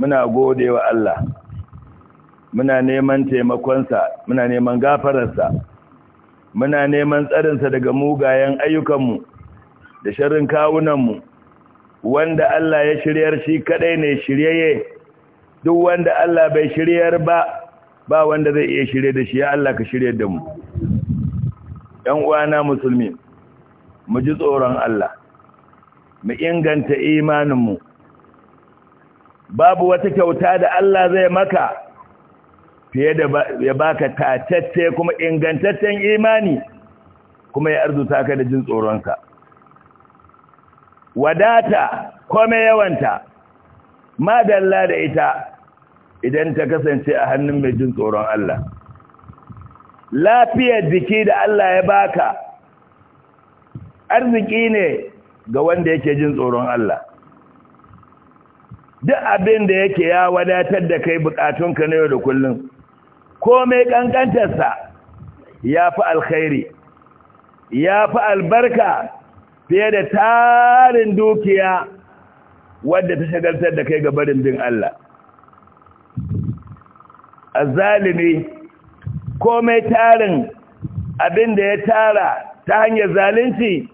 muna gode wa Allah muna neman taimakonsa muna neman gafararsa muna neman tsarinsa daga mugayen ayyukanmu da sharrin kawunanmu wanda Allah ya shiryar shi kadai ne shiryaye duk wanda Allah bai shiryar ba ba wanda zai iya shirye da shi ya Allah ka shirye da mu ɗan uwana musulmi mu ji tsoron Allah mu inganta imaninmu mu babu wata kyauta da Allah zai maka fiye da ya baka tatacce kuma ingantaccen imani kuma ya arzuta ka da jin tsoronka? wadata kome yawanta madalla da ita idan ta kasance a hannun mai jin tsoron Allah lafiyar jiki da Allah ya baka arziki ne ga wanda yake jin tsoron Allah duk abin da yake ya wadatar da kai bukatunka na yau da kullum komai kankantarsa ya fi alkhairi ya fi albarka fiye da tarin dukiya wadda ta shagaltar da kai ga barin bin Allah zalimi komai tarin abin da ya tara ta hanyar zalunci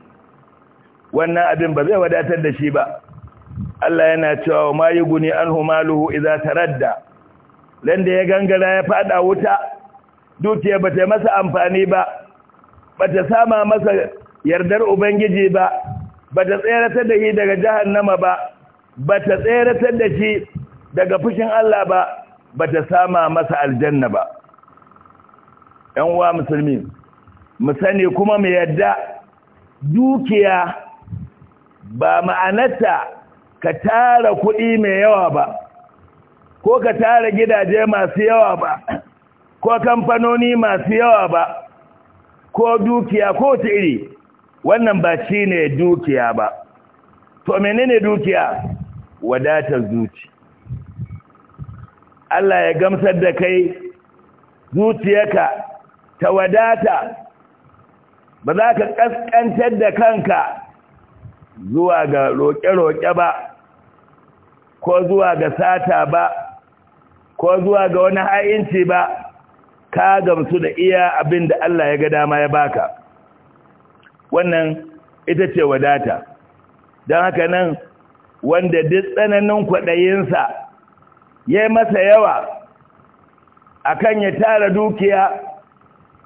wannan abin ba zai wadatar da shi ba Allah yana cewa wa ma yughni anhu maluhu idza taradda dan da ya gangara ya fada wuta dukiya bata masa amfani ba bata sama masa yardar ubangiji ba bata tseratar da shi daga jahannama ba bata tseratar da shi daga fushin Allah ba bata sama masa aljanna ba ‘yan uwa musulmi, mu sani kuma mu yadda dukiya ba ma'anarta ka tara kuɗi mai yawa ba ko ka tara gidaje masu yawa ba ko kamfanoni masu yawa ba ko dukiya ko iri wannan ba shi ne dukiya ba to menene dukiya wadatar zuci Allah ya gamsar da kai zuciyarka ta wadata ba za ka ƙasƙantar da kanka zuwa ga roƙe-roƙe ba ko zuwa ga sata ba ko zuwa ga wani ha'inci ba ka gamsu da iya abin da Allah ya ga dama ya baka wannan ita ce wadata don haka nan wanda duk tsananin kwaɗayinsa ya yi masa yawa akan ya tara dukiya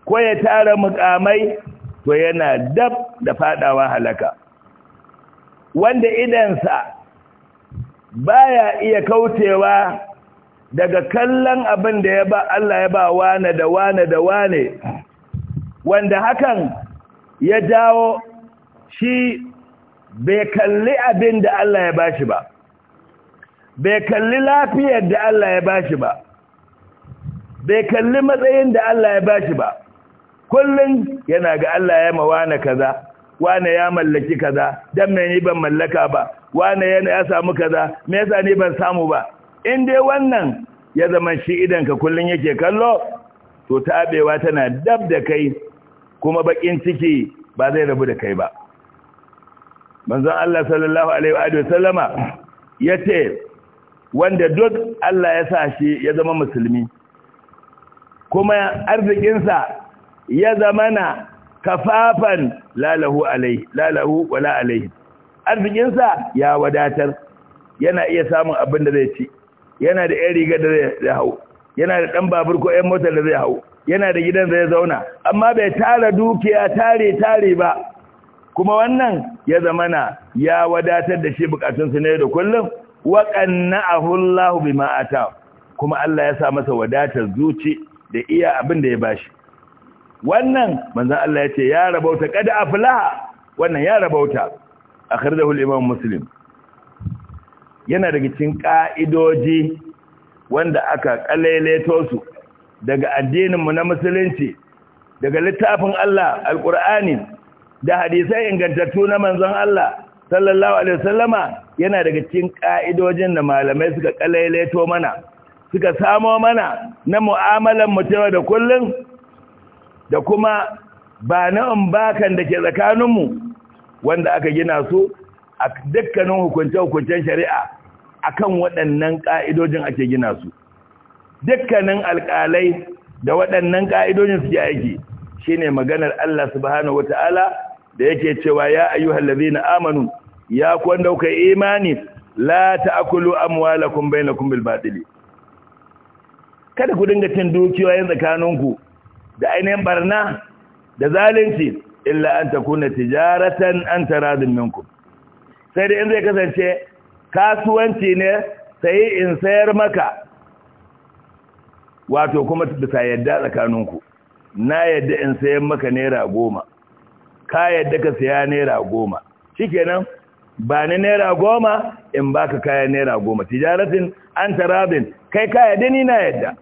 ko ya tara mukamai to yana dab da fadawa halaka wanda idansa baya iya kaucewa daga kallon abin da ya ba Allah ya ba wane da wane da wane wanda hakan ya jawo shi bai kalli abin da Allah ya bashi ba bai kalli lafiyar da Allah ya bashi ba bai kalli matsayin da Allah ya bashi ba kullum yana ga Allah ya mawana kaza wane ya mallaki kaza dan me ni ban mallaka ba wane yana ya samu kaza me yasa ni ban samu ba in dai wannan ya zama shi idan ka kullun yake kallo to tabewa tana dab da kai kuma bakin ciki ba zai rabu da kai ba manzon Allah sallallahu alaihi wa sallama yace wanda duk Allah ya sa shi ya zama musulmi kuma arzikinsa ya zamana kafafan lalahu alai lalahu wala alai arzikinsa ya wadatar yana iya samun abin da zai ci yana da ɗan riga da zai hau yana da ɗan babur ko yan motar da zai hau yana da gidan zai zauna amma bai tara dukiya tare tare ba kuma wannan ya zama na ya wadatar da shi bukatun bukatunsu ne da kullum wa qanna'ahu Allahu bima ata kuma Allah ya sa masa wadatar zuci da iya abin da ya bashi wannan manzon Allah ya ce ya rabauta kad aflaha wannan ya rabauta akhrajahu al-imam muslim yana daga cikin ka'idoji wanda aka kalaileto su daga addinin mu na musulunci daga littafin Allah Alƙur'ani da hadisai ingantattu na manzon Allah sallallahu alaihi wasallama yana daga cikin ka'idojin da malamai suka kalaileto mana suka samo mana na mu'amalan mu da kullun da kuma ba na bakan da ke tsakaninmu wanda aka gina su a dukkanin hukunce-hukuncen shari'a akan waɗannan ƙa'idojin ake gina su dukkanin alƙalai da waɗannan ƙa'idojin suke aiki shine maganar Allah subhanahu ta’ala da yake cewa ya hallabi na amanu ya kun dauka imani la ta'kulu amwalakum bainakum bil batili kada ku dinga cin dukiyoyin tsakaninku da ainihin barna da zalunci illa an kuna tijaratan an taradin minkum sai dai in zai kasance kasuwanci ne sai in sayar maka wato kuma bisa yadda tsakaninku na yadda in sayar maka naira goma ka yadda ka saya naira goma shikenan ba ni naira goma in baka kaya naira goma tijaratin an tarabin kai ka yadda ni na yadda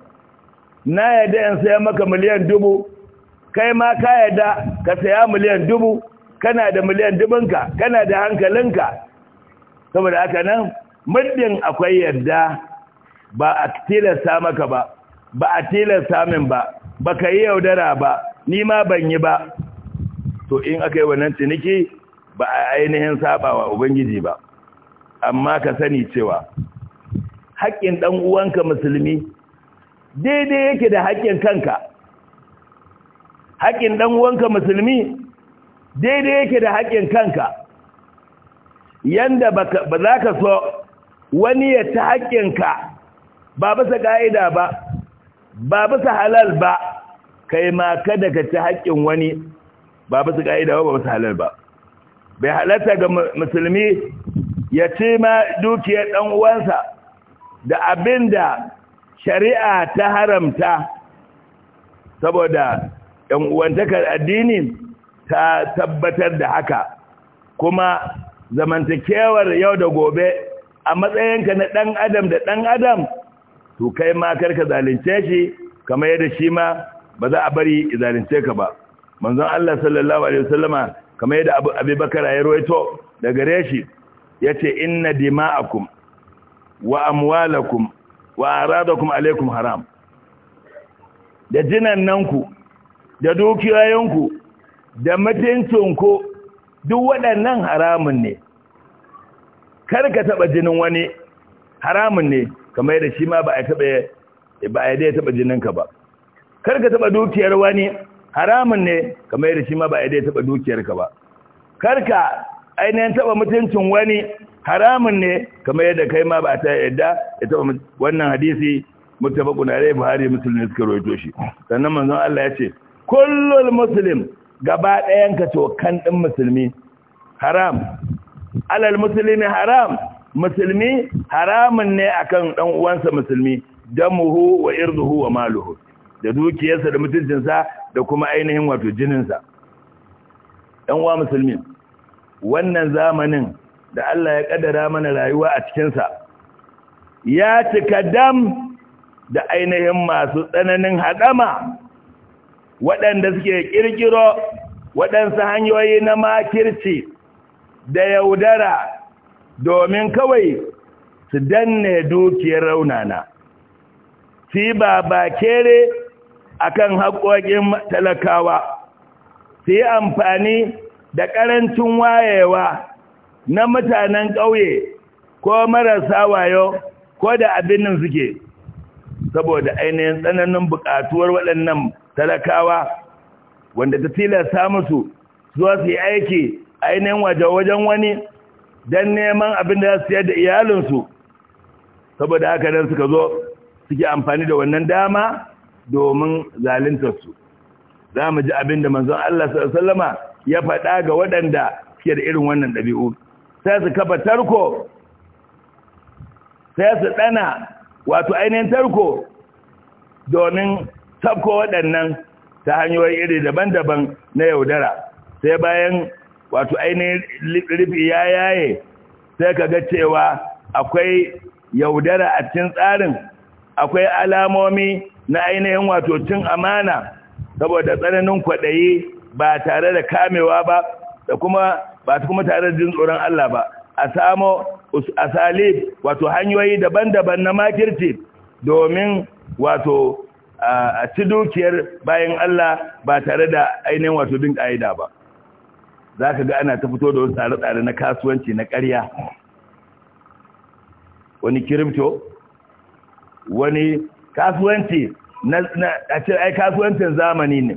na yadda in saya maka miliyan dubu kai ma ka yadda ka saya miliyan dubu kana da miliyan dubunka kana da hankalinka saboda haka nan muddin akwai yarda ba a tilasta maka ba ba a tilasta min ba ba ka yi yaudara ba ni ma ban yi ba to in aka yi wannan ciniki ba a ainihin sabawa ubangiji ba amma ka sani cewa haƙƙin ɗan uwanka musulmi daidai yake da haƙƙin kanka haƙƙin ɗan uwanka musulmi daidai yake da haƙƙin kanka yanda ba za ka so wani ya ta haƙƙinka ba bisa ƙa'ida ba ba bisa halal ba kai ma kada ka ta haƙƙin wani ba bisa ƙa'ida ba ba bisa halal ba bai halatta ga musulmi ya ce ma dukiyar ɗan uwansa da abin da shari'a ta haramta saboda ‘yan uwantakar addini ta tabbatar da haka kuma zamantakewar yau da gobe a matsayinka na ɗan adam da ɗan adam to kai ma karka zalince shi kamar yadda shi ma ba za a bari zalince ka ba manzon Allah sallallahu alaihi wasallama kamar yadda Abu Abubakar ya rawaito daga gare shi yace inna dima'akum wa amwalakum wa kuma, alaikum haram da jinannanku da ku da mutuncinku duk waɗannan haramun ne kar ka taɓa jinin wani haramun ne kamar yadda shi ma ba a taɓa ba a dai jinin ka ba kar ka taɓa dukiyar wani haramun ne kamar yadda shi ma ba a dai taɓa ka ba kar ka ainihin taɓa mutuncin wani haramun ne kamar yadda kai ma ba ta yadda ita wannan hadisi muttafaqun alayhi buhari muslim suka rawaito shi sannan manzon Allah ya ce kullul muslim gaba ɗayan ka to kan din musulmi haram alal muslimi haram musulmi haramun ne akan dan uwansa musulmi damuhu wa irduhu wa maluhu da dukiyarsa da mutuncinsa da kuma ainihin wato jininsa ɗan uwa musulmi wannan zamanin da Allah ya kaddara mana rayuwa a cikinsa ya cika dam da ainihin masu tsananin haɗama waɗanda suke ƙirƙiro waɗansu hanyoyi na makirci da yaudara domin kawai su danne dukiyar raunana su yi babakere a kan haƙoƙin talakawa su yi amfani da ƙarancin wayewa na mutanen ƙauye ko marasa wayo ko da abin nan suke saboda ainihin tsananin buƙatuwar waɗannan talakawa wanda ta tilasta musu zuwa su yi aiki ainihin wajen wani don neman abin da su da iyalinsu saboda haka nan suka zo suke amfani da wannan dama domin zalintarsu za mu ji abin da manzon Allah sallama ya faɗa ga waɗanda suke da irin wannan ɗabi'u sai su kafa tarko sai su ɗana wato ainihin tarko domin tafko waɗannan ta hanyoyi iri daban-daban na yaudara sai bayan wato ainihin rufi ya yaye sai ka ga cewa akwai yaudara a cin tsarin akwai alamomi na ainihin wato cin amana saboda tsananin kwaɗayi ba tare da kamewa ba da kuma ba ta kuma tare da jin tsoron Allah ba a samo asali wato hanyoyi daban-daban na makirci domin wato a ci dukiyar bayan Allah ba tare da ainihin wato bin ƙa'ida ba za ka ga ana ta fito da wasu tsare-tsare na kasuwanci na ƙarya wani kirimto wani kasuwanci na a ce ai kasuwancin zamani ne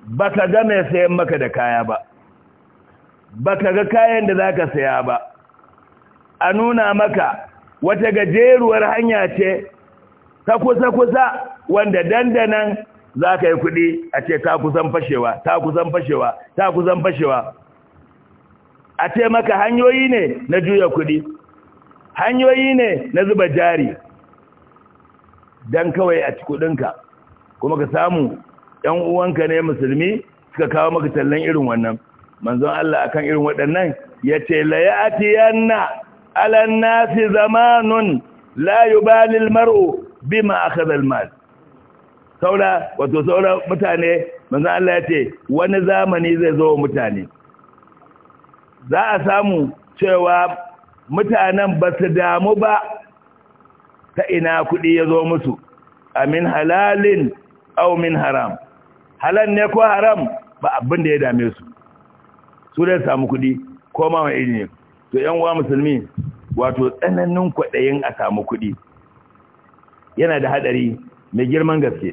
Ba ka ga mai sayan maka da kaya ba baka ga kayan da zaka saya ba a nuna maka wata gajeruwar hanya ce ta kusa-kusa wanda dandanan za ka yi kuɗi a ce ta kusan fashewa ta kusan fashewa ta kusan fashewa a ce maka hanyoyi ne na juya kuɗi hanyoyi ne na zuba jari don kawai a ci kuɗinka kuma ka samu ‘yan uwanka ne musulmi suka kawo maka tallan irin wannan manzon Allah akan irin waɗannan ya ce la ya'tiyanna alan nasi zamanun la yubali almar'u bima akhadha almal saura wato saura mutane manzon Allah ya ce wani zamani zai zo mutane za a samu cewa mutanen ba su damu ba ta ina kuɗi ya zo musu amin halalin au min haram halal ne ko haram ba abin da ya dame su su dai samu kuɗi ko ma wani ne to yan uwa musulmi wato tsananin kwaɗayin a samu kuɗi yana da haɗari mai girman gaske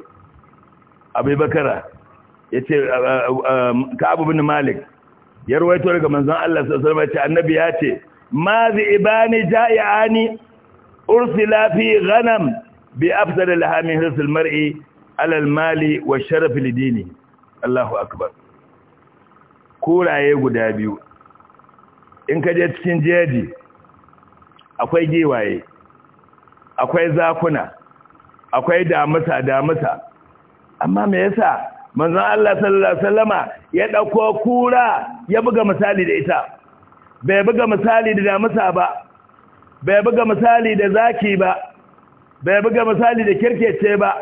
abubakara ya ce ka abubin malik ya ruwaito daga manzon Allah sallallahu alaihi annabi ya ce ma zai ibani ja'iani ursila fi ghanam bi afdal lahamin hirsil mar'i alal mali wa sharaf lidini Allahu akbar koraye guda biyu in ka je cikin jeji akwai giwaye akwai zakuna akwai damusa damusa amma me yasa manzon Allah sallallahu alaihi wasallama ya dauko kura ya buga misali da ita bai buga misali da damusa ba bai buga misali da zaki ba bai buga misali da kirkece ba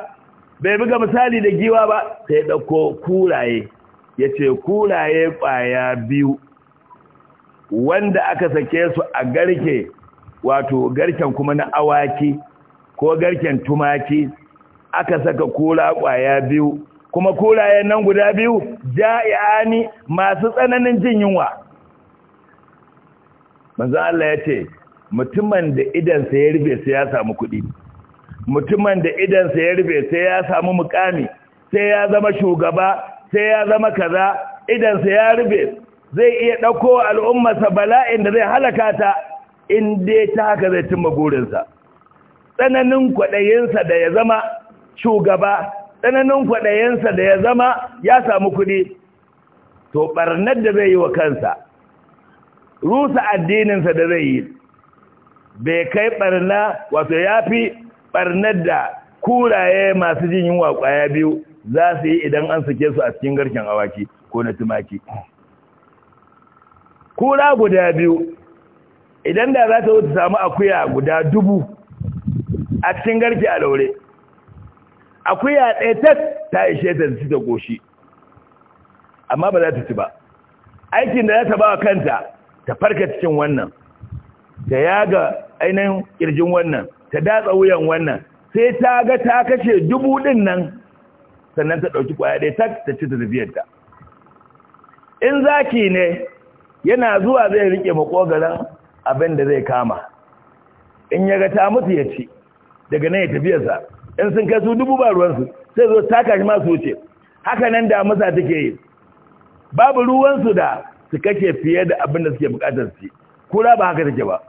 bai buga misali da giwa ba sai dauko kuraye ya ce kwaya ƙwaya biyu wanda aka sake su a garke wato garken kuma na awaki ko garken tumaki aka saka kula ƙwaya biyu kuma kuraye nan guda biyu jaani masu tsananin jin yunwa manzo Allah ya ce mutumin da idansa ya rufe sai ya samu kuɗi mutumin da idansa ya rufe sai ya samu mukami sai ya zama shugaba sai ya zama kaza idan sai ya rube zai iya ɗauko al'ummarsa bala'in da zai halaka ta in dai ta haka zai cimma burinsa tsananin kwaɗayinsa da ya zama shugaba tsananin kwaɗayinsa da ya zama ya samu kuɗi to ɓarnar da zai yi wa kansa rusa addininsa da zai yi bai kai ɓarna wato ya fi ɓarnar da kuraye masu jin yunwa ƙwaya biyu za su yi idan an sake su a cikin garken awaki ko na tumaki kura guda biyu idan da za ta wuce samu akuya guda dubu a cikin garke a laure akuya ɗaya ta ishe ta su ta goshi amma ba za ta ci ba aikin da za ta ba wa kanta ta farka cikin wannan ta yaga ainihin ƙirjin wannan ta datsa wuyan wannan sai ta ga ta kashe dubu ɗin nan sannan ta ɗauki ƙwaya ɗaya tak ta ci ta in zaki ne yana zuwa zai riƙe makogaran abin da zai kama in ya ta mutu ya ci daga nan ya tafiyarsa in sun kai su dubu ba ruwansu sai zo taka shi masu wuce haka nan da masa take yi babu ruwansu da su kashe fiye da abin da suke bukatar su kura ba haka take ba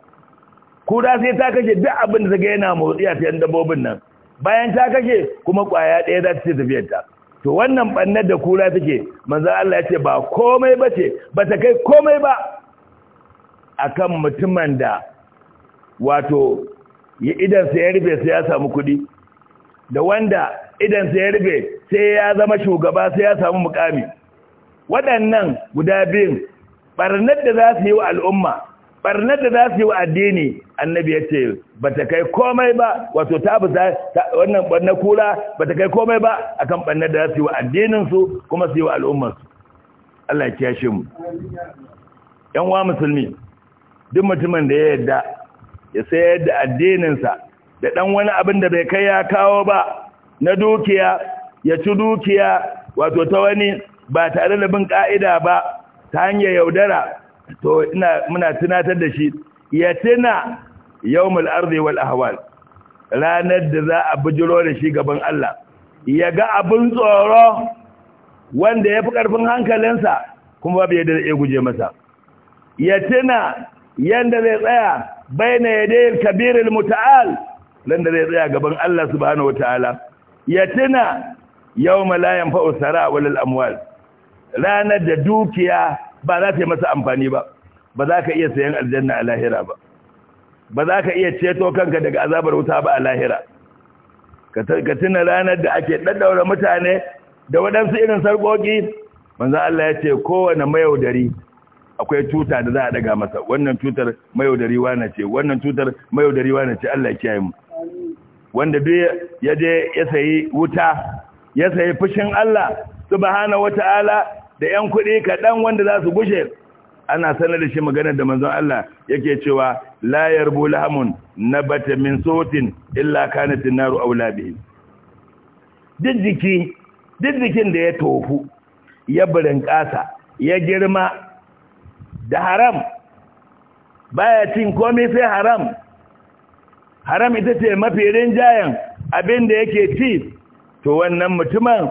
kura sai ta kashe duk abin da ta ga yana motsi a fiye dabbobin nan bayan ta kake kuma kwaya ɗaya za ta ce tafiyarta to wannan bannar da kura take manzan Allah ya ce ba komai ba ce ba ta kai komai ba akan mutumin da wato ya idansa ya rufe sai ya samu kuɗi da wanda idansa ya rufe sai ya zama shugaba sai ya samu mukami waɗannan guda biyun ɓarnar da za su yi wa al'umma barnar da za su yi wa addini annabi ya ce ba ta kai komai ba wato ta bi wannan ɓarnar kura ba ta kai komai ba a kan barnar da za su yi wa addininsu kuma su yi wa al'ummarsu Allah ya kiyashe mu yan wa musulmi duk mutumin da ya yadda ya sayar da addininsa da ɗan wani abin da bai kai ya kawo ba na dukiya ya ci dukiya wato ta wani ba tare da bin ka'ida ba ta hanyar yaudara to ina muna tunatar da shi ya tuna yawmul ardi wal ahwal ranar da za a bijiro da shi gaban Allah ya ga abin tsoro wanda ya fi ƙarfin hankalinsa kuma babu yadda zai guje masa ya tuna yanda zai tsaya baina yadayil kabiril muta'al landa zai tsaya gaban Allah subhanahu wataala ya tuna yawma la yanfa'u sara amwal ranar da dukiya ba za ta yi masa amfani ba ba za ka iya sayan aljanna a lahira ba ba za ka iya ceto kanka daga azabar wuta ba a lahira ka tuna ranar da ake ɗaɗɗaura mutane da waɗansu irin sarƙoƙi manzan Allah ya ce kowane mayaudari akwai tuta da za a daga masa wannan tutar mayaudari wane ce wannan tutar mayaudari wane ce Allah ya kiyaye mu wanda duk ya je ya sayi wuta ya sayi fushin Allah subhanahu wataala da ‘yan kuɗi kaɗan wanda za su gushe ana sanar da shi maganar da manzon Allah yake cewa layar bulahamun na bata min sotin illa kanatin naru aula bihi duk jiki jikin da ya tofu ya burin kasa ya girma da haram baya cin komai sai haram haram ita ce mafi jayan, abin da yake ci to wannan mutumin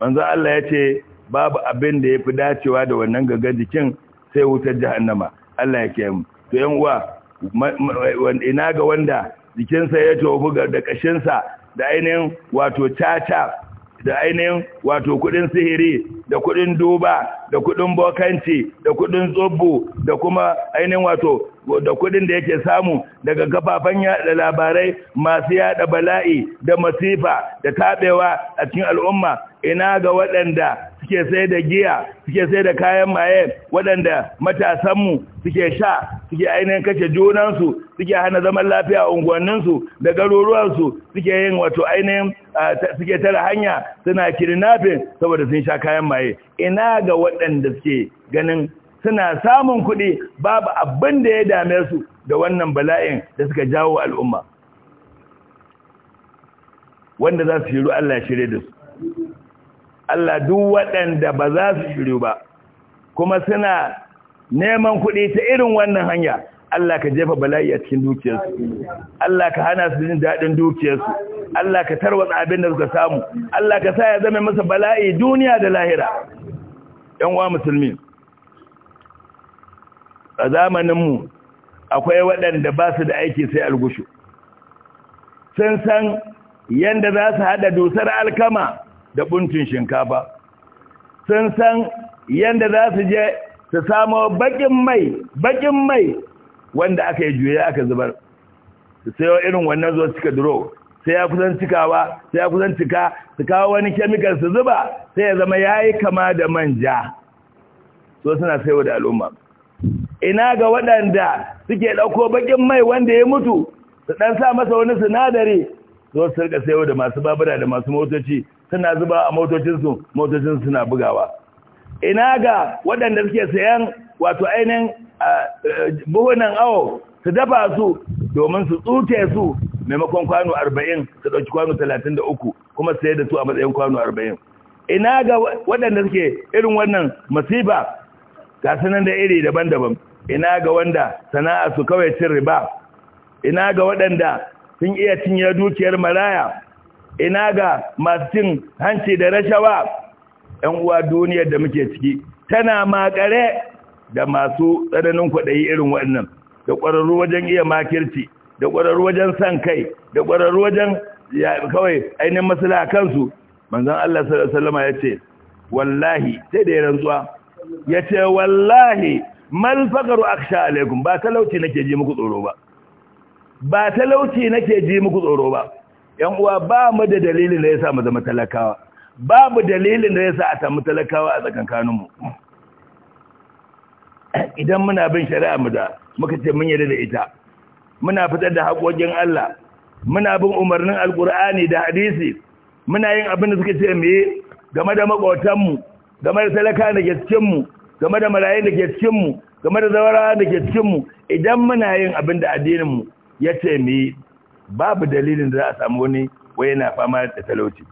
manzo Allah ya ce babu abin da ya fi dacewa da wannan gaga jikin sai wutar jahannama Allah ya ke mu to yan uwa ina ga wanda jikinsa ya tofu da ƙashinsa da ainihin wato caca da ainihin wato kudin sihiri da kudin duba da kudin bokanci da kudin tsubbu da kuma ainihin wato da kudin da yake samu daga kafafen yada labarai masu yada bala'i da masifa da tabewa a cikin al'umma ina ga waɗanda suke sai da giya suke sai da kayan maye waɗanda matasanmu suke sha suke ainihin kashe junansu suke hana zaman lafiya unguwanninsu da garuruwansu suke yin wato ainihin ah, suke tara hanya suna kirinafin, saboda sun sha kayan maye ina ga waɗanda suke ganin suna samun kuɗi babu abin da ya dame su da wannan bala'in da suka jawo al'umma wanda za su shiru Allah shirye da su Allah duk waɗanda ba za su shiru ba kuma suna neman kuɗi ta irin wannan hanya Allah ka jefa bala'i a cikin dukiyarsu Allah ka hana su jin daɗin dukiyarsu Allah ka tarwatsa abin da suka samu Allah ka sa ya zama masa bala'i duniya da lahira ‘yan musulmi a zamaninmu akwai waɗanda ba su da aiki sai algushu sun san yadda za su haɗa dusar alkama da buntun shinkafa sun san yadda za su je su samo bakin mai bakin mai wanda aka yi juya aka zubar su sayo irin wannan zuwa suka duro sai ya kusan cikawa sai ya kusan cika su kawo wani kemikal su zuba sai ya zama ya yi kama da manja so suna sayo da al'umma ina ga waɗanda suke ɗauko bakin mai wanda ya mutu su ɗan sa masa wani sinadari zo su rika sayo da masu babura da masu motoci suna zuba a motocinsu motocin suna bugawa ina ga waɗanda suke sayan wato ainihin buhunan awo su dafa su domin su tsute su maimakon kwano arba'in su ɗauki kwano talatin da uku kuma sayar da su a matsayin kwano arba'in ina ga waɗanda suke irin wannan masifa ga sanar da iri daban-daban ina ga wanda sana'a su kawai cin riba ina ga waɗanda sun iya cinye dukiyar maraya ina ga masu cin hanci da rashawa ‘yan uwa duniyar da muke ciki tana makare da masu tsananin kwaɗayi irin wannan da ƙwararru wajen iya makirci da ƙwararru wajen san kai da ƙwararru wajen kawai ainihin masala kansu manzan Allah sallama ya ce wallahi sai da ya rantsuwa ya ce wallahi malfakaru sha alaikum ba talauci nake ji muku tsoro ba ba talauci nake ji muku tsoro ba yan uwa ba mu da dalilin da ya sa mu zama talakawa ba mu dalilin da ya sa a samu talakawa a tsakankaninmu. idan muna bin shari'a mu da muka ce mun yarda da ita muna fitar da haƙoƙin Allah muna bin umarnin alkur'ani da hadisi muna yin abin da suka ce mai game da maƙotanmu, game da talaka da ke cikinmu game da marayun da ke cikinmu game da zawarawa da ke cikinmu idan muna yin abin da addininmu ya ce mai babu dalilin da za a samu wani wai yana fama da talauci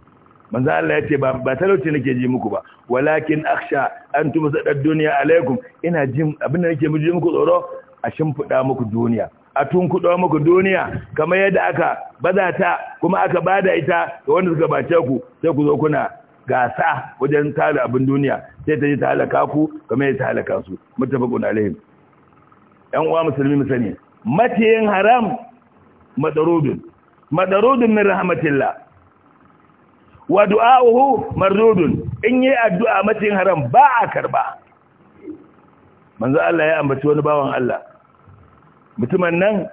manzo Allah ya ce ba talauci nake ji muku ba walakin akhsha an tumsadad dunya alaikum ina jin abin da nake ji muku tsoro a shimfiɗa muku duniya a tun tunkuɗo muku duniya kamar yadda aka bazata kuma aka bada ita ga wanda suka bace ku sai ku zo kuna gasa wajen tara abin duniya sai ta ji ta halaka ku kamar yadda ta halaka su muttafaqun alaihim yan uwa musulmi mu sani yin haram madarudun madarudun min rahmatillah wa du'a'uhu mardudun in yi addu'a matin haram ba a karba manzo Allah ya ambaci wani bawan Allah mutumin nan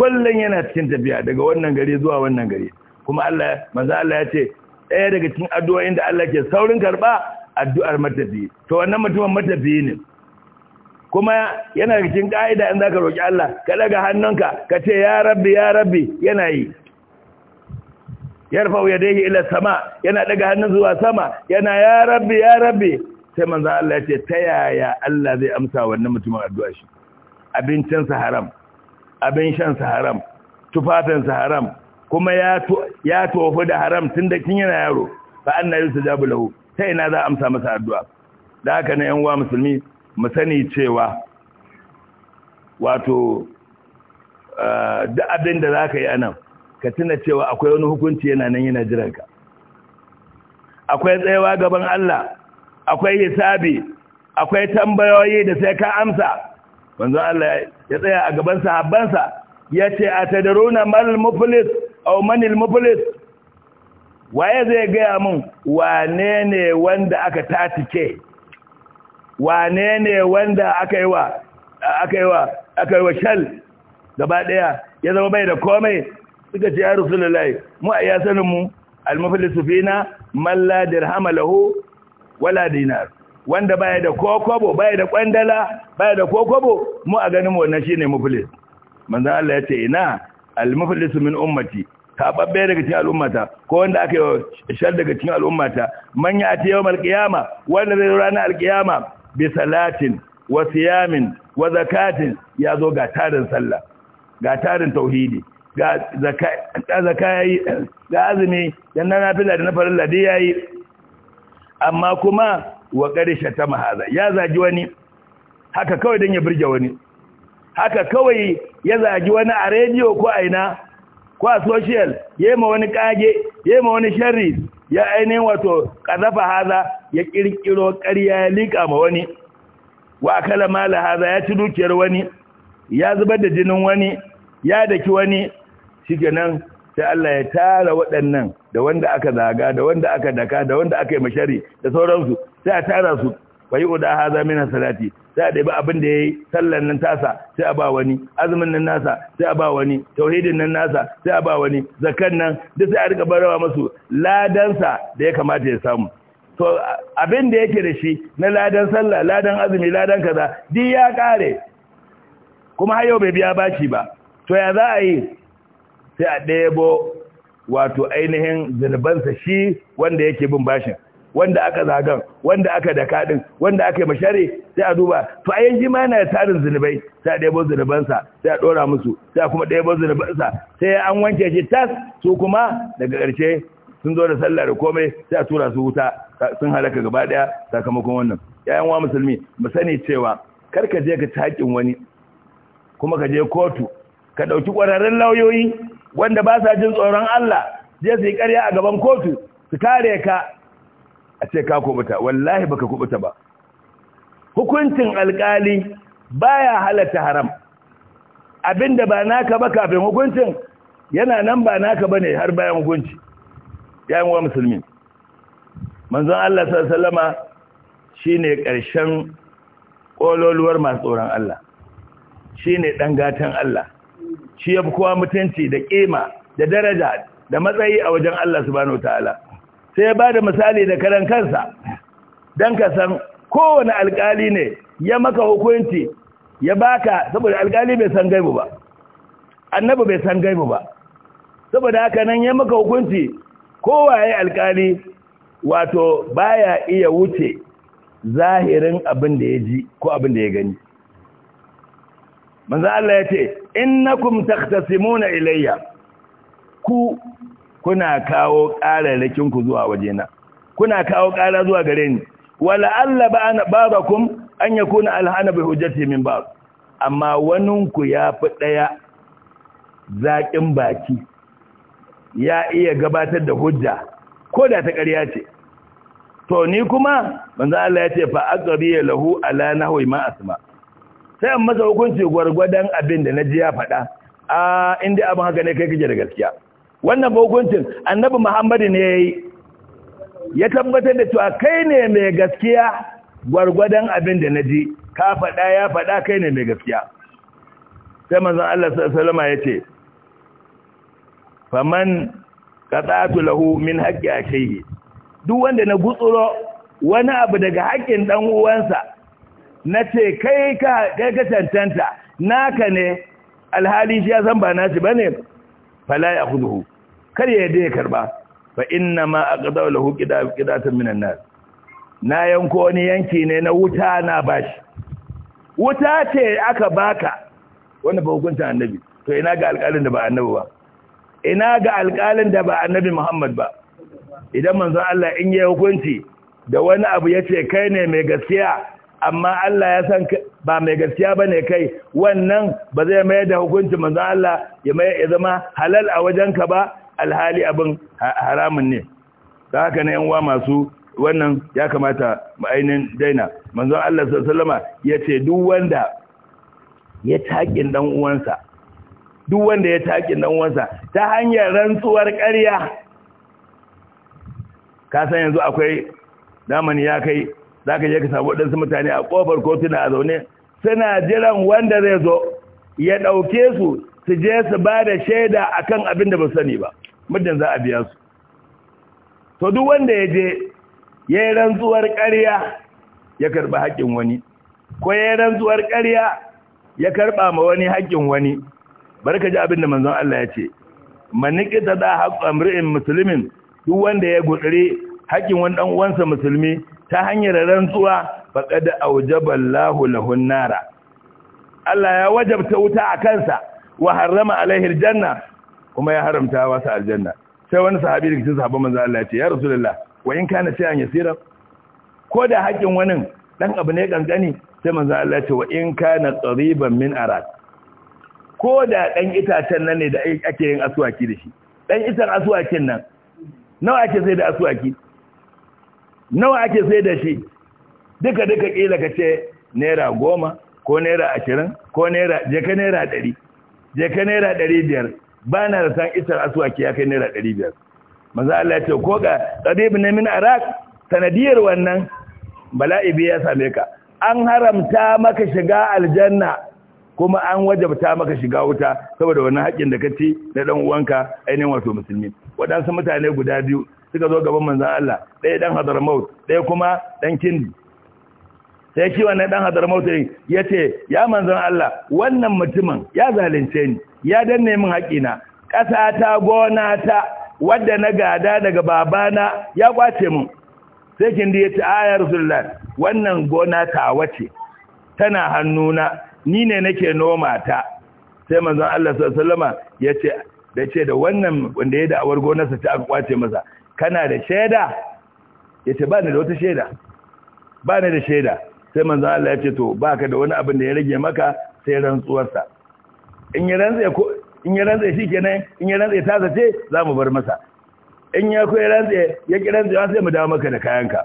kullun yana cikin tafiya daga wannan gari zuwa wannan gari kuma Allah manzo Allah ya ce ɗaya daga cikin addu'o'in da Allah ke saurin karba addu'ar matafi to wannan mutumin matafi ne kuma yana cikin ka'ida in zaka roki Allah ka daga hannunka ka ce ya rabbi ya rabbi yana yi yarfau yadayhi ila sama yana daga hannun zuwa sama yana ya rabbi ya rabbi sai manzon Allah ya ce ta yaya Allah zai amsa wannan mutumin addu'a shi abincin haram abin shan haram tufafin haram kuma ya ya tofi da haram tunda kin yana yaro fa su yusajabu lahu sai na za a amsa masa addu'a da haka na yan uwa musulmi mu sani cewa wato duk abin da za ka yi anan ka tuna cewa akwai wani hukunci yana nan yana jiranka akwai tsayawa gaban Allah akwai hisabi akwai tambayoyi da sai ka amsa manzo Allah ya tsaya a gaban sahabbansa ya ce a tadaruna mal muflis aw manil muflis waye zai gaya mun wane ne wanda aka tatike wane ne wanda aka yi wa aka yi wa aka yi wa shal gaba daya ya zama bai da komai suka ce ya rasulullahi mu a iya sanin mu su fina man la dirhama lahu wala dinar wanda baya da kokobo baya da kwandala baya da kokobo mu a ganin wannan shine muflis manzon Allah ya ce ina almuflisu min ummati babbe daga cikin al'ummata ko wanda aka yi shar daga cikin al'ummata manya a yawmal qiyama wanda zai rana al bi salatin wa siyamin wa zakatin ya zo ga tarin sallah ga tarin tauhidi ga zakayi ga azumi dan na nafila da na farilla dai yayi amma kuma wa karshe ta mahaza ya zaji wani haka kawai dan ya burge wani haka kawai ya zaji wani a rediyo ko aina ko a social yema wani kage yema wani sharri ya ainihin wato ƙazafa haza ya ƙirƙiro ƙarya ya liƙa ma wani wa kala mala haza ya ci dukiyar wani ya zubar da jinin wani ya daki wani shikenan sai Allah ya tara waɗannan da wanda aka zaga da wanda aka daka da wanda aka yi mashari da sauransu sai a tara su wai uda haza min salati sai a ba abin da yayi sallan nan tasa sai a ba wani azumin nan nasa sai a ba wani tauhidin nan nasa sai a ba wani zakan nan duk sai a rika barawa masu ladansa da ya kamata ya samu to abin da yake da shi na ladan sallah ladan azumi ladan kaza duk ya kare kuma har bai biya bashi ba to ya za a yi sai a ɗebo wato ainihin zunubansa shi wanda yake bin bashin wanda aka zagan wanda aka daka din wanda aka yi mashare sai a duba to a yanzu ma yana tarin zunubai sai a ɗebo sa sai a ɗora musu sai a kuma ɗebo sa sai an wanke shi tas su kuma daga ƙarshe sun zo da sallar da komai sai a tura su wuta sun halaka gaba ɗaya sakamakon wannan yayan wa musulmi mu sani cewa kar ka je ka takin wani kuma ka je kotu ka ɗauki ƙwararren lauyoyi wanda ba sa jin tsoron Allah je su yi ƙarya a gaban kotu su kare ka a ce ka kubuta wallahi baka kubuta ba hukuncin alkali baya halatta haram abinda ba naka ba kafin hukuncin yana nan ba naka bane har bayan hukunci yayin wa musulmi manzon Allah sallallahu alaihi wasallama shine ƙarshen kololuwar masu tsoron Allah shine dan gatan Allah shi yafi kowa mutunci da kima da daraja da matsayi a wajen Allah subhanahu wataala sai ya bada misali da karan kansa dan ka san kowane alkali ne ya maka hukunci ya baka saboda alkali bai san gaibu ba annabi bai san gaibu ba saboda haka nan ya maka hukunci kowaye alkali wato baya iya wuce zahirin abin da ya ji ko abin da ya gani manzo Allah ya ce innakum taqtasimuna ilayya ku kuna kawo ƙararrakin ku zuwa wajena kuna kawo ƙara zuwa gare ni wala alla ba'dakum an yakuna alhana bi hujjati min ba'd amma waninku ya fi daya zaƙin baki ya iya gabatar da hujja ko da ta ƙarya ce to ni kuma manzo Allah ya ce fa aqri lahu ala nahwi ma asma sai an masa hukunci gwargwadon abin da naji ya faɗa a ah, inda abin haka ne kai kake da gaskiya wannan muguncin annabi muhammadu ne ya yi ya tabbatar da cewa kai ne mai gaskiya gwargwadon abin da na ji ka faɗa ya faɗa kai ne mai gaskiya sai manzan Allah Salama ya ce faman katsatu lahu min haƙƙi a shaihi duk wanda na gutsuro wani abu daga haƙƙin ɗan uwansa na ce kai ka cancanta naka ne alhali shi ya san ba nashi ba ne fala ya hudu kar ya yadda ya karba fa inna ma aqdaw lahu qidatan minan nar na yanko wani yanki ne na wuta na bashi wuta ce aka baka wanda ba hukuncin annabi to ina ga alƙalin da ba annabi ba ina ga alƙalin da ba annabi Muhammad ba idan manzon Allah in yayi hukunci da wani abu yace kai ne mai gaskiya amma Allah ya san ba mai gaskiya bane kai wannan ba zai mayar da hukunci manzon Allah ya mai ya zama halal a wajenka ba alhali abin haramun ne ta haka na yanwa masu wannan ya kamata ma'ainin daina manzon Allah sallama ya ce duk wanda ya taƙin dan uwansa duk wanda ya taƙin dan uwansa ta hanyar rantsuwar ƙarya ka san yanzu akwai zamani ya kai za je ka samu waɗansu mutane a kofar kotuna a zaune suna jiran wanda zai zo ya ɗauke su su je su ba da shaida akan abin da ba sani ba muddin za a biya su to duk wanda ya je ya yi rantsuwar ƙarya ya karɓi haƙƙin wani ko ya yi rantsuwar ƙarya ya karɓa ma wani haƙƙin wani barka ji abin da manzon Allah ya ce maniki ta da haƙƙo amri'in musulmin duk wanda ya gudure haƙƙin wani ɗan uwansa musulmi ta hanyar rantsuwa qad awjaba Allahu lahun nara Allah ya wajabta wuta a kansa wa harrama alaihi aljanna kuma ya haramta wasu aljanna sai wani sahabi da cikin sahabban manzo Allah ya ce ya rasulullah wa in kana sai an yasira ko da hakkin wani dan abu ne kankani sai manzo Allah ya ce wa in kana qariban min arad ko da dan itacen nan ne da ake yin aswaki da shi dan itan aswakin nan nawa ake sai da aswaki nawa ake sai da shi duka duka kila ka ce naira goma ko naira ashirin ko naira je ka naira ɗari je ka naira ɗari biyar ba na da san itar asuwaki ya kai naira ɗari biyar maza Allah ya ce ko ga tsadibu na min arak sanadiyar wannan bala'i biyu ya same ka an haramta maka shiga aljanna kuma an wajabta maka shiga wuta saboda wannan haƙƙin da ka ci na ɗan uwanka ainihin wato musulmi waɗansu mutane guda biyu suka zo gaban manzon Allah ɗaya ɗan hadarmaut ɗaya kuma ɗan kindi sai shi wannan ɗan hadarmaut ya ce ya manzan Allah wannan mutumin ya zalunce ni ya danne min haƙina ƙasa ta gona ta wadda na gada daga babana ya kwace min sai kin da ya ayar rasulullah wannan gona ta wace tana hannuna ni ne nake noma ta sai manzon Allah sallallahu ya ce da ce da wannan wanda ya da awar gona sa ta aka kwace masa kana da shaida ya ce ba ni da wata shaida ba ni da shaida sai manzon Allah ya ce to baka da wani abin da ya rage maka sai rantsuwar sa. in ya rantsa ko in ya rantsa in ya rantsa ta zace za mu bar masa in ya koyi rantsa ya ki rantsa sai mu dawo maka da kayanka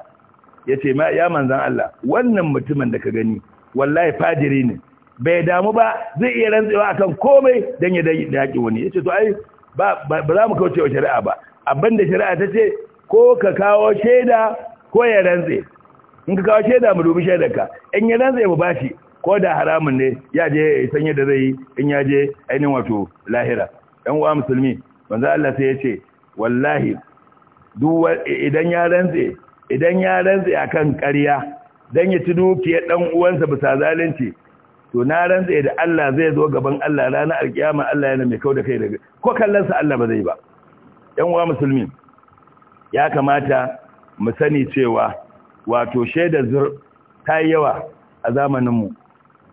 yace ma ya manzan Allah wannan mutumin da ka gani wallahi fajiri ne bai damu ba zai iya rantsewa akan komai dan ya daki wani yace to ai ba ba za mu kauce wa shari'a ba abinda shari'a ta ce ko ka kawo shaida ko ya rantse in ka kawo shaida mu dubi shaidarka in ya rantse mu bashi ko da haramun ne ya je ya san yadda zai yi in ya je ainihin wato lahira ɗan uwa musulmi wanzu Allah sai ya ce wallahi idan ya rantse idan ya rantse akan ƙarya dan ya ci dukiyar ɗan uwansa bisa zalunci to na rantse da Allah zai zo gaban Allah ranar alkiyama Allah yana mai kau da kai daga ko kallon sa Allah ba zai ba ɗan uwa musulmi ya kamata mu sani cewa wato shaidar zur ta yawa a zamaninmu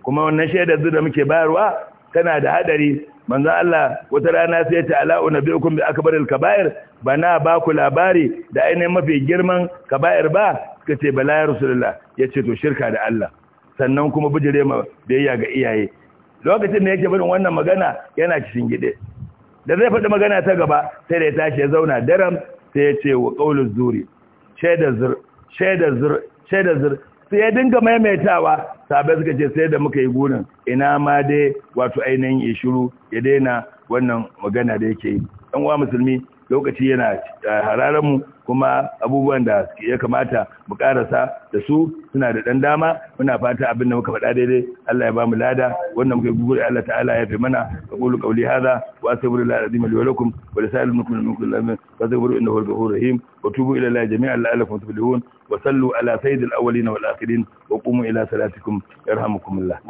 kuma wannan shaidar da muke bayarwa tana da hadari manzo Allah wata rana sai ta biyu kun bi akbaril kaba'ir bana ba ku labari da ainihin mafi girman kaba'ir ba suka ce bala ya rasulullah ce to shirka da Allah sannan kuma bijire ma biyayya ga iyaye lokacin da yake barin wannan magana yana cikin gide da zai faɗi magana ta gaba sai da ya tashi ya zauna daram sai ya ce wa qauluz zuri shaidar zur shaidar zur shaidar zur sai ya dinga maimaitawa sabai suka ce sai da muka yi gurin ina ma dai wato ainihin ya shiru ya daina wannan magana da yake yi ɗan uwa musulmi lokaci yana hararen mu kuma abubuwan da ya kamata mu karasa da su suna da ɗan dama muna fata abin da muka faɗa daidai Allah ya ba mu lada wannan muka gugu Allah ta'ala ya fi mana ka kulu kauli haza wa astaghfirullahi alazim li wa wa li sa'ilil mu'minina min kulli innahu ghafurur rahim wa tubu ila allahi jami'an la'allakum tuflihun Wasallu ala sayyidil awwalin wal akhirin wa qumu ila salatikum yarhamukumullah